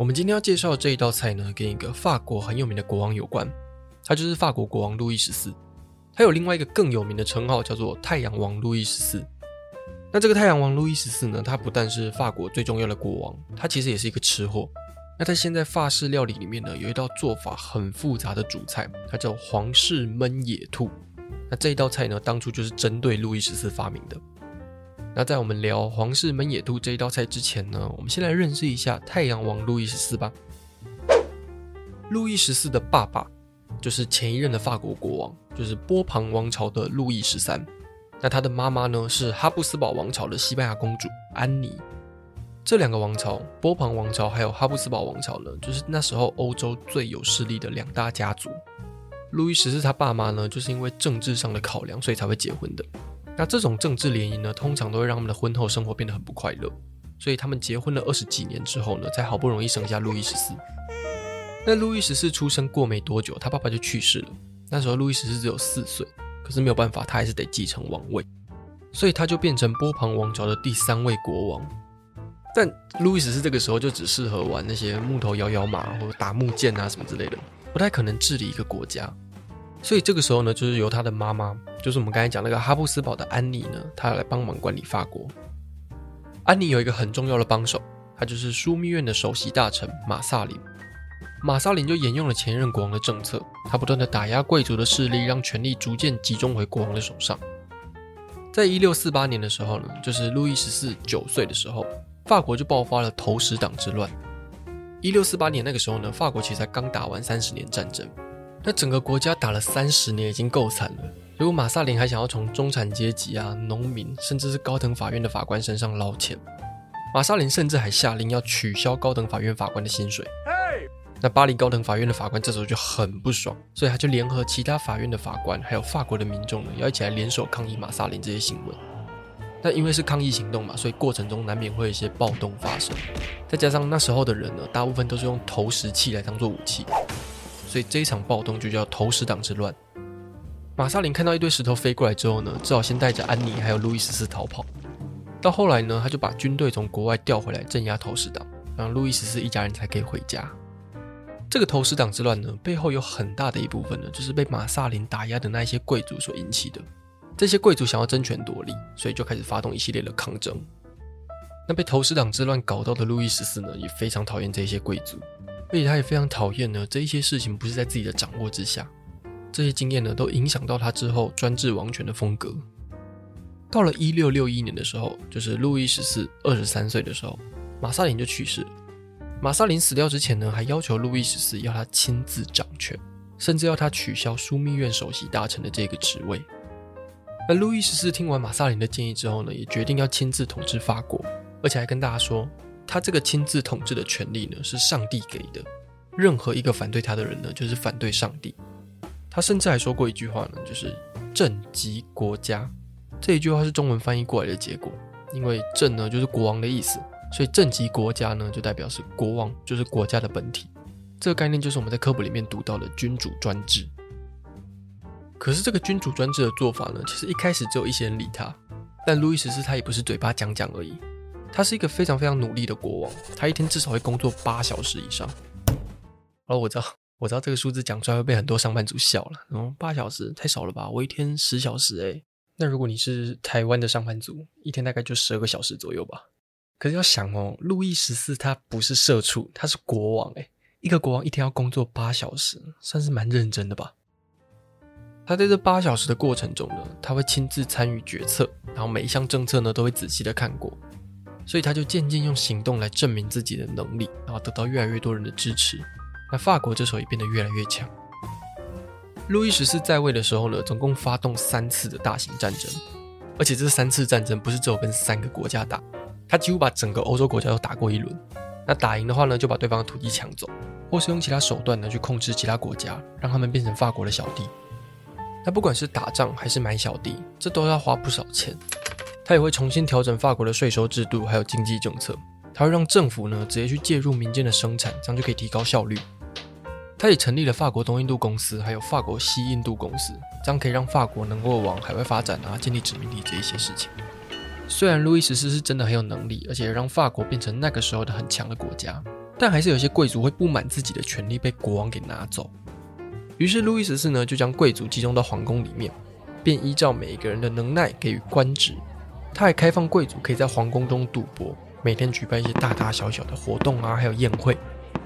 我們今天要介紹的這一道菜呢，跟一個法國很有名的國王有關，他就是法國國王路易十四。他有另外一個更有名的稱號，叫做太陽王路易十四。那這個太陽王路易十四呢，他不但是法國最重要的國王，他其實也是一個吃貨。那他現在法式料理裡面呢，有一道做法很複雜的主菜，它叫皇室燜野兔。那這一道菜呢，當初就是針對路易十四發明的。那在我們聊皇室燜野兔這一道菜之前呢，我們先來認識一下太陽王路易十四吧。路易十四的爸爸就是前一任的法國國王，就是波旁王朝的路易十三。那他的媽媽呢，是哈布斯堡王朝的西班牙公主安妮。這兩個王朝，波旁王朝還有哈布斯堡王朝呢，就是那時候歐洲最有勢力的兩大家族。路易十四他爸媽呢，就是因為政治上的考量，所以才會結婚的。那這種政治聯姻呢，通常都會讓他們的婚後生活變得很不快樂，所以他們結婚了二十幾年之後呢，才好不容易生下路易十四。那路易十四出生過沒多久，他爸爸就去世了，那時候路易十四只有四歲，可是沒有辦法，他還是得繼承王位，所以他就變成波旁王朝的第三位國王。但路易十四這個時候就只適合玩那些木頭搖搖馬或者打木劍啊什麼之類的，不太可能治理一個國家。所以這個時候呢，就是由他的媽媽，就是我們剛才講那個哈布斯堡的安妮呢，她來幫忙管理法國。安妮有一個很重要的幫手，他就是樞密院的首席大臣馬薩林。馬薩林就沿用了前任國王的政策，他不斷地打壓貴族的勢力，讓權力逐漸集中回國王的手上。在一六四八年的時候呢，就是路易十四九歲的時候，法國就爆發了投石黨之亂。一六四八年那個時候呢，法國其實才剛打完三十年戰爭。那整個國家打了三十年已經夠慘了。如果馬薩林還想要從中產階級啊、農民，甚至是高等法院的法官身上撈錢，馬薩林甚至還下令要取消高等法院法官的薪水。Hey! 那巴黎高等法院的法官這時候就很不爽，所以他就聯合其他法院的法官，還有法國的民眾呢，要一起來聯手抗議馬薩林這些行為。那因為是抗議行動嘛，所以過程中難免會有一些暴動發生。再加上那時候的人呢，大部分都是用投石器來當做武器。所以這一場暴動就叫投石黨之亂。馬薩林看到一堆石頭飛過來之後呢，只好先帶着安妮還有路易十四逃跑。到後來呢，他就把軍隊從國外調回來鎮壓投石黨，然後路易十四一家人才可以回家。這個投石黨之亂呢，背後有很大的一部分呢，就是被馬薩林打壓的那一些貴族所引起的。這些貴族想要爭權奪利，所以就開始發動一系列的抗爭。那被投石黨之亂搞到的路易十四呢，也非常討厭這些貴族，而且他也非常討厭呢這一些事情不是在自己的掌握之下。這些經驗呢，都影響到他之後專制王權的風格。到了一六六一年的時候，就是路易十四二十三歲的時候，馬薩林就去世了。馬薩林死掉之前呢，還要求路易十四要他親自掌權，甚至要他取消樞密院首席大臣的這個職位。那路易十四聽完馬薩林的建議之後呢，也決定要親自統治法國。而且還跟大家說，他這個親自統治的權利呢，是上帝給的。任何一個反對他的人呢，就是反對上帝。他甚至還說過一句話呢，就是“朕即國家”。這一句話是中文翻譯過來的結果，因為朕呢“朕”呢就是國王的意思，所以“朕即國家呢”呢就代表是國王，就是國家的本體。這個概念就是我們在科普裡面讀到的君主專制。可是這個君主專制的做法呢，其實一開始只有一些人理他，但路易十四他也不是嘴巴講講而已。他是一個非常非常努力的國王，他一天至少會工作八小時以上。好、哦，我知道，我知道這個數字講出來會被很多上班族笑了。嗯、哦，八小時太少了吧？我一天十小時哎、欸。那如果你是台灣的上班族，一天大概就十二個小時左右吧。可是要想哦，路易十四他不是社畜，他是國王哎、欸。一個國王一天要工作八小時，算是蠻認真的吧？他在這八小時的過程中呢，他會親自參與決策，然後每一項政策呢都會仔細的看過。所以他就漸漸用行動來證明自己的能力，然後得到越來越多人的支持。那法國這時候也變得越來越強。路易十四在位的時候呢，總共發動三次的大型戰爭，而且這三次戰爭不是只有跟三個國家打，他幾乎把整個歐洲國家都打過一輪。那打贏的話呢，就把對方的土地搶走，或是用其他手段呢去控制其他國家，讓他們變成法國的小弟。那不管是打仗還是買小弟，這都要花不少錢。他也會重新調整法國的稅收制度，還有經濟政策。他會讓政府呢直接去介入民間的生產，這樣就可以提高效率。他也成立了法國東印度公司，還有法國西印度公司，這樣可以讓法國能夠往海外發展啊，建立殖民地這一些事情。雖然路易十四是真的很有能力，而且讓法國變成那個時候的很強的國家，但還是有些貴族會不滿自己的權利被國王給拿走。於是路易十四呢就將貴族集中到皇宮裡面，並依照每一個人的能耐給予官職。他還開放貴族可以在皇宮中賭博，每天舉辦一些大大小小的活動啊，還有宴會。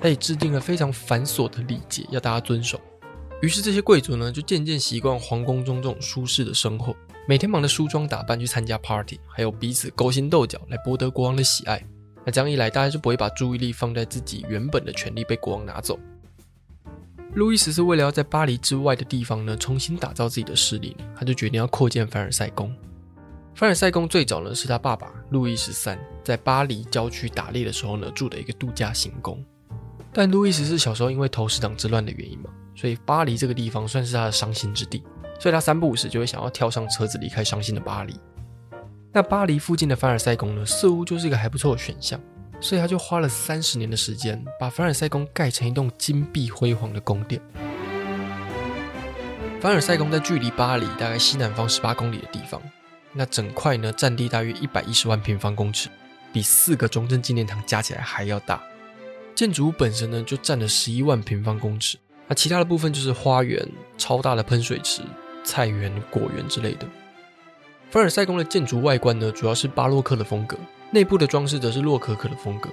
他也制定了非常繁瑣的禮節，要大家遵守。於是這些貴族呢，就漸漸習慣皇宮中這種舒適的生活，每天忙着梳妝打扮去參加 party，還有彼此勾心鬥角來博得國王的喜愛。那這樣一來，大家就不會把注意力放在自己原本的權利被國王拿走。路易十四為了要在巴黎之外的地方呢，重新打造自己的勢力，他就決定要擴建凡爾賽宮。凡爾賽宮最早呢，是他爸爸路易十三在巴黎郊區打獵的時候呢，住的一個度假行宮，但路易十四小時候因為投石黨之亂的原因嘛，所以巴黎這個地方算是他的傷心之地，所以他三不五時就會想要跳上車子離開傷心的巴黎。那巴黎附近的凡爾賽宮呢，似乎就是一個還不錯的選項，所以他就花了三十年的時間把凡爾賽宮蓋成一棟金碧輝煌的宮殿。凡爾賽宮在距離巴黎大概西南方十八公里的地方。那整塊呢，佔地大約一百一十萬平方公尺，比四個中正紀念堂加起來還要大。建築物本身呢，就佔了十一萬平方公尺，那其他的部分就是花園、超大的噴水池、菜園、果園之類的。凡爾賽宮的建築外觀呢，主要是巴洛克的風格，內部的裝飾則是洛可可的風格。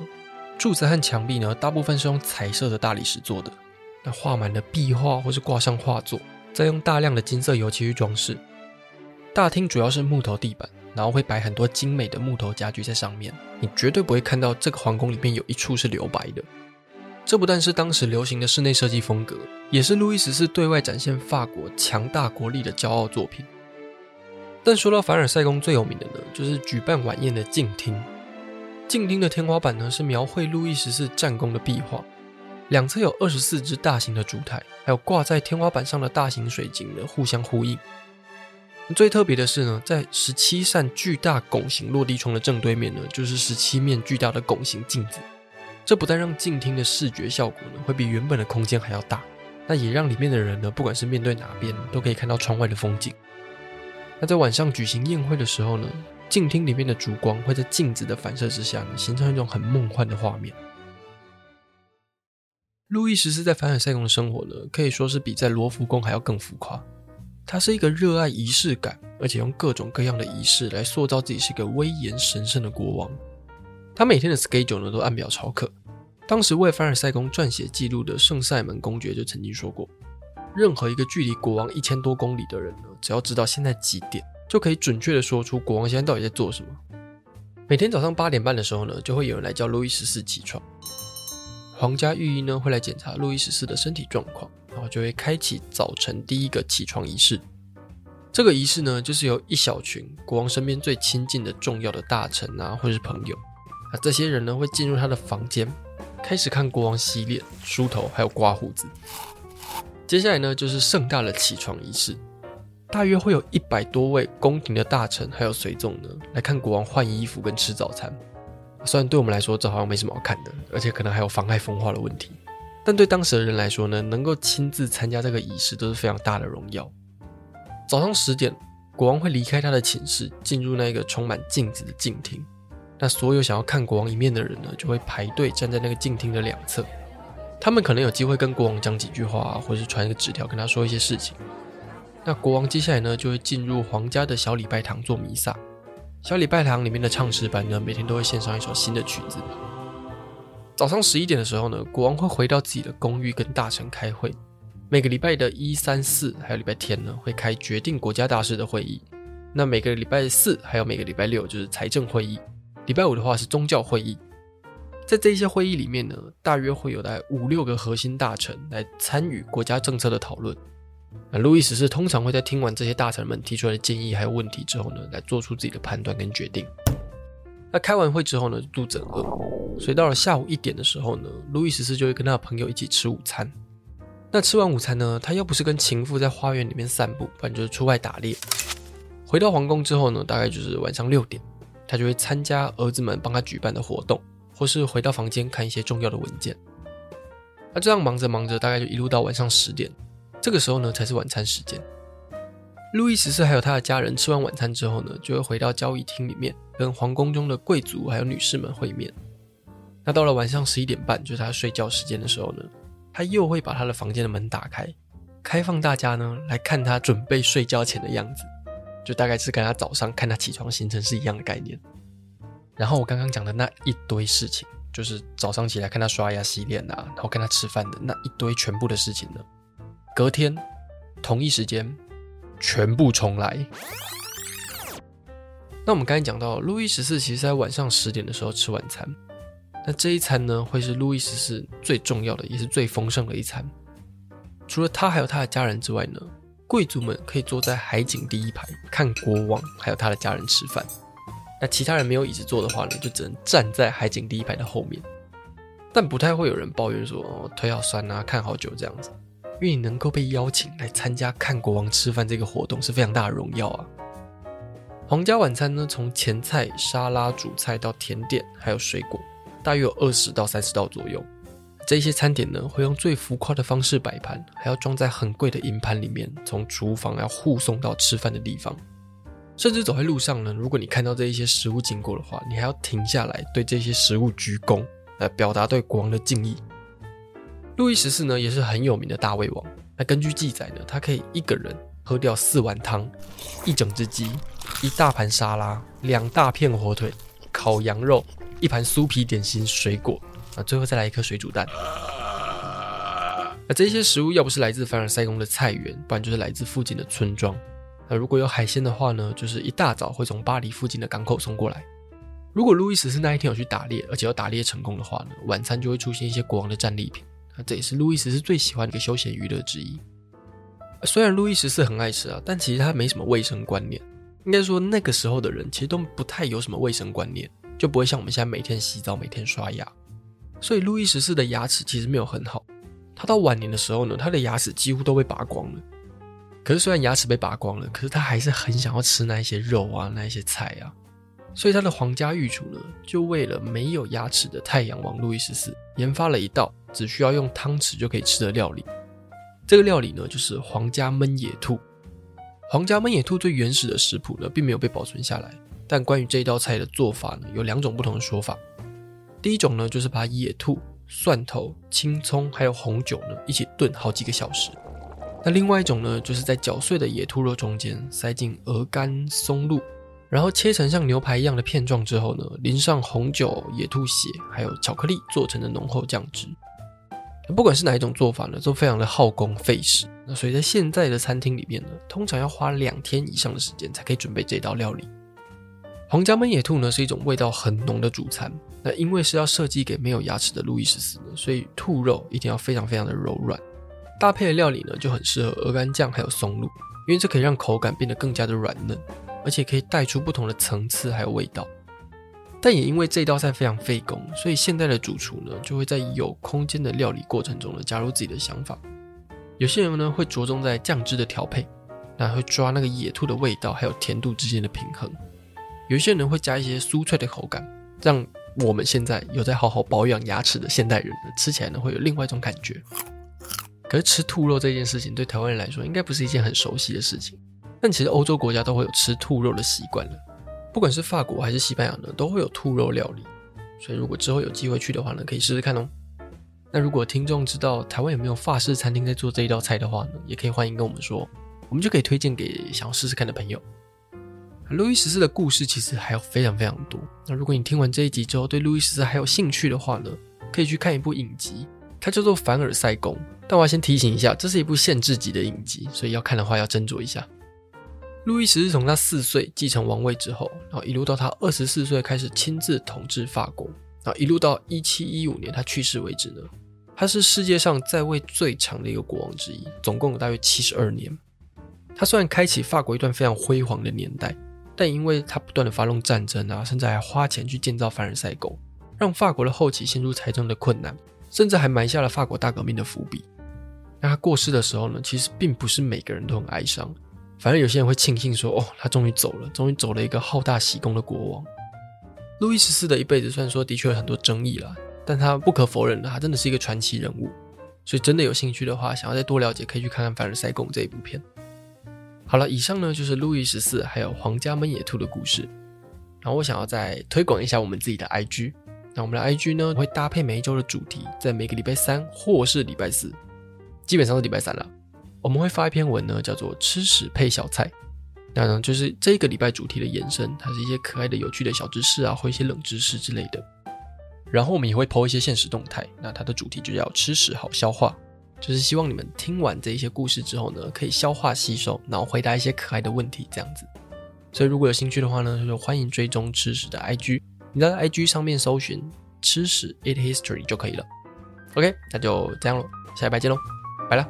柱子和牆壁呢，大部分是用彩色的大理石做的，那畫滿了壁畫或是掛上畫作，再用大量的金色油漆去裝飾。大廳主要是木頭地板，然後會擺很多精美的木頭家具在上面。你絕對不會看到這個皇宮裡面有一處是留白的。這不但是當時流行的室內設計風格，也是路易十四對外展現法國強大國力的驕傲作品。但說到凡爾賽宮最有名的呢，就是舉辦晚宴的鏡廳。鏡廳的天花板呢，是描繪路易十四戰功的壁畫，兩側有二十四隻大型的燭台，還有掛在天花板上的大型水晶的互相呼應。最特別的是呢，在十七扇巨大拱形落地窗的正對面呢，就是十七面巨大的拱形鏡子。這不但讓鏡廳的視覺效果呢，會比原本的空間還要大，那也讓裡面的人呢，不管是面對哪邊，都可以看到窗外的風景。那在晚上舉行宴會的時候呢，鏡廳裡面的燭光會在鏡子的反射之下呢，形成一種很夢幻的畫面。路易十四在凡爾賽宮的生活呢，可以說是比在羅浮宮還要更浮誇。他是一個熱愛儀式感，而且用各種各樣的儀式來塑造自己是一個威嚴神聖的國王。他每天的 schedule 呢都按表操課。當時為凡爾賽宮撰寫記錄的聖塞門公爵就曾經說過，任何一個距離國王一千多公里的人呢，只要知道現在幾點，就可以準確地說出國王現在到底在做什麼。每天早上八點半的時候呢，就會有人來叫路易十四起床，皇家御醫呢會來檢查路易十四的身體狀況。就會開啟早晨第一個起床儀式。這個儀式呢，就是由一小群國王身邊最親近的重要的大臣啊，或是朋友，啊，這些人呢會進入他的房間，開始看國王洗臉、梳頭，還有刮鬍子。接下來呢，就是盛大的起床儀式，大約會有一百多位宮廷的大臣還有隨從呢來看國王換衣服跟吃早餐。啊，雖然對我們來說，這好像沒什麼好看的，而且可能還有妨礙風化的問題。但對當時的人來說呢，能夠親自參加這個儀式都是非常大的榮耀。早上十點，國王會離開他的寢室，進入那個充滿鏡子的鏡廳。那所有想要看國王一面的人呢，就會排隊站在那個鏡廳的兩側。他們可能有機會跟國王講幾句話啊，或是傳一個紙條跟他說一些事情。那國王接下來呢，就會進入皇家的小禮拜堂做彌撒。小禮拜堂裡面的唱詩班呢，每天都會獻上一首新的曲子。早上十一點的時候呢，國王會回到自己的公寓跟大臣開會。每個禮拜的一、三、四，還有禮拜天呢，會開決定國家大事的會議。那每個禮拜四，還有每個禮拜六就是財政會議。禮拜五的話是宗教會議。在這些會議裡面呢，大約會有來五六個核心大臣來參與國家政策的討論。那路易十四通常會在聽完這些大臣們提出來的建議還有問題之後呢，來做出自己的判斷跟決定。那開完會之後呢，就做整個。所以到了下午一點的時候呢，路易十四就會跟他的朋友一起吃午餐。那吃完午餐呢，他要不是跟情婦在花園裡面散步，反正就是出外打獵。回到皇宮之後呢，大概就是晚上六點，他就會參加兒子們幫他舉辦的活動，或是回到房間看一些重要的文件。他、啊、這樣忙着忙着，大概就一路到晚上十點。這個時候呢，才是晚餐時間。路易十四還有他的家人吃完晚餐之後呢，就會回到交易廳裡面，跟皇宮中的貴族還有女士們會面。那到了晚上十一點半，就是他睡覺時間的時候呢，他又會把他的房間的門打開，開放大家呢來看他準備睡覺前的樣子，就大概是跟他早上看他起床行程是一樣的概念。然後我剛剛講的那一堆事情，就是早上起來看他刷牙洗臉啊，然後看他吃飯的那一堆全部的事情呢，隔天同一時間全部重來。那我們剛才講到，路易十四其實在晚上十點的時候吃晚餐。那這一餐呢，會是路易十四最重要的，也是最豐盛的一餐。除了他還有他的家人之外呢，貴族們可以坐在海景第一排看國王還有他的家人吃飯。那其他人沒有椅子坐的話呢，就只能站在海景第一排的後面。但不太會有人抱怨說哦，腿好酸啊，看好久這樣子，因為你能夠被邀請來參加看國王吃飯這個活動是非常大的榮耀啊。皇家晚餐呢，從前菜、沙拉、主菜到甜點，還有水果。大約有二十到三十道左右，這些餐點呢，會用最浮誇的方式擺盤，還要裝在很貴的銀盤裡面，從廚房要護送到吃飯的地方，甚至走在路上呢，如果你看到這一些食物經過的話，你還要停下來對這些食物鞠躬，來、呃、表達對國王的敬意。路易十四呢，也是很有名的大胃王。那根據記載呢，他可以一個人喝掉四碗湯，一整隻雞，一大盤沙拉，兩大片火腿，烤羊肉。一盤酥皮點心、水果啊，最後再來一顆水煮蛋。那這些食物要不是來自凡爾賽宮的菜園，不然就是來自附近的村莊。那如果有海鮮的話呢，就是一大早會從巴黎附近的港口送過來。如果路易十四那一天有去打獵，而且要打獵成功的話呢，晚餐就會出現一些國王的戰利品。那這也是路易十四最喜歡的一個休閒娛樂之一。雖然路易十四很愛吃啊，但其實他沒什麼衛生觀念。應該說，那個時候的人其實都不太有什麼衛生觀念。就不會像我們現在每天洗澡、每天刷牙，所以路易十四的牙齒其實沒有很好。他到晚年的時候呢，他的牙齒幾乎都被拔光了。可是雖然牙齒被拔光了，可是他還是很想要吃那一些肉啊、那一些菜啊。所以他的皇家御廚呢，就為了沒有牙齒的太陽王路易十四，研發了一道只需要用湯匙就可以吃的料理。這個料理呢，就是皇家燜野兔。皇家燜野兔最原始的食譜呢，並沒有被保存下來。但關於這一道菜的做法呢，有兩種不同的說法。第一種呢，就是把野兔、蒜頭、青蔥還有紅酒呢一起燉好幾個小時。那另外一種呢，就是在攪碎的野兔肉中間塞進鵝肝、松露，然後切成像牛排一樣的片狀之後呢，淋上紅酒、野兔血還有巧克力做成的濃厚醬汁。不管是哪一種做法呢，都非常的耗工費時。那所以在現在的餐廳裡面呢，通常要花兩天以上的時間才可以準備這道料理。皇家燜野兔呢是一種味道很濃的主餐，那因為是要設計給沒有牙齒的路易十四呢，所以兔肉一定要非常非常的柔軟。搭配的料理呢就很適合鵝肝醬還有松露，因為這可以讓口感變得更加的軟嫩，而且可以帶出不同的層次還有味道。但也因為這道菜非常費工，所以現在的主廚呢就會在有空間的料理過程中呢加入自己的想法。有些人呢會着重在醬汁的調配，那會抓那個野兔的味道還有甜度之間的平衡。有一些人會加一些酥脆的口感，讓我們現在有在好好保養牙齒的現代人吃起來呢，會有另外一種感覺。可是吃兔肉這件事情對台灣人來說，應該不是一件很熟悉的事情。但其實歐洲國家都會有吃兔肉的習慣了，不管是法國還是西班牙呢，都會有兔肉料理。所以如果之後有機會去的話呢，可以試試看哦。那如果聽眾知道台灣有沒有法式餐廳在做這一道菜的話呢，也可以歡迎跟我們說，我們就可以推薦給想要試試看的朋友。路易十四的故事其實還有非常非常多。那如果你聽完這一集之後對路易十四還有興趣的話呢，可以去看一部影集，它叫做《凡爾賽宮》。但我要先提醒一下，這是一部限制級的影集，所以要看的話要斟酌一下。路易十四從他四歲繼承王位之後，然後一路到他二十四歲開始親自統治法國，然後一路到一七一五年他去世為止呢，他是世界上在位最長的一個國王之一，總共有大約七十二年。他雖然開啟法國一段非常輝煌的年代。但因為他不斷的發動戰爭啊，甚至還花錢去建造凡爾賽宮，讓法國的後期陷入財政的困難，甚至還埋下了法國大革命的伏筆。那他過世的時候呢，其實並不是每個人都很哀傷，反而有些人會慶幸說，哦，他終於走了，終於走了一個好大喜功的國王。路易十四的一輩子，雖然說的確有很多爭議了，但他不可否認的，他真的是一個傳奇人物。所以真的有興趣的話，想要再多了解，可以去看看《凡爾賽宮》這一部片。好了，以上呢就是路易十四還有皇家悶野兔的故事。然後我想要再推廣一下我們自己的 IG。那我們的 IG 呢，會搭配每一周的主題，在每個禮拜三或是禮拜四，基本上是禮拜三了，我們會發一篇文呢，叫做“吃史配小菜”。那呢，就是這個禮拜主題的延伸，它是一些可愛的、有趣的小知識啊，或一些冷知識之類的。然後我們也會拋一些現實動態，那它的主題就叫“吃史好消化”。就是希望你們聽完這些故事之後呢，可以消化吸收，然後回答一些可愛的問題這樣子。所以如果有興趣的話呢，就，就歡迎追蹤吃史的 IG。你在 IG 上面搜尋“吃史 Eat History” 就可以了。OK，那就這樣咯，下禮拜見嘍，拜了。